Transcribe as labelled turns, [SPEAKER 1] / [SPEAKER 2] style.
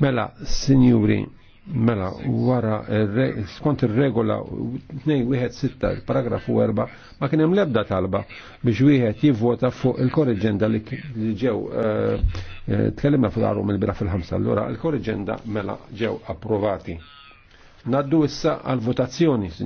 [SPEAKER 1] Mela, sinjuri, mela, wara, skont il-regola 216, paragrafu 4, ma kien hemm lebda talba biex wieħed jivvota fuq il-korreġenda li ġew eh, eh, tkellimna fil-għarum il-bira fil-ħamsa. Allura, il-korreġenda mela ġew approvati. Naddu issa għal-votazzjoni,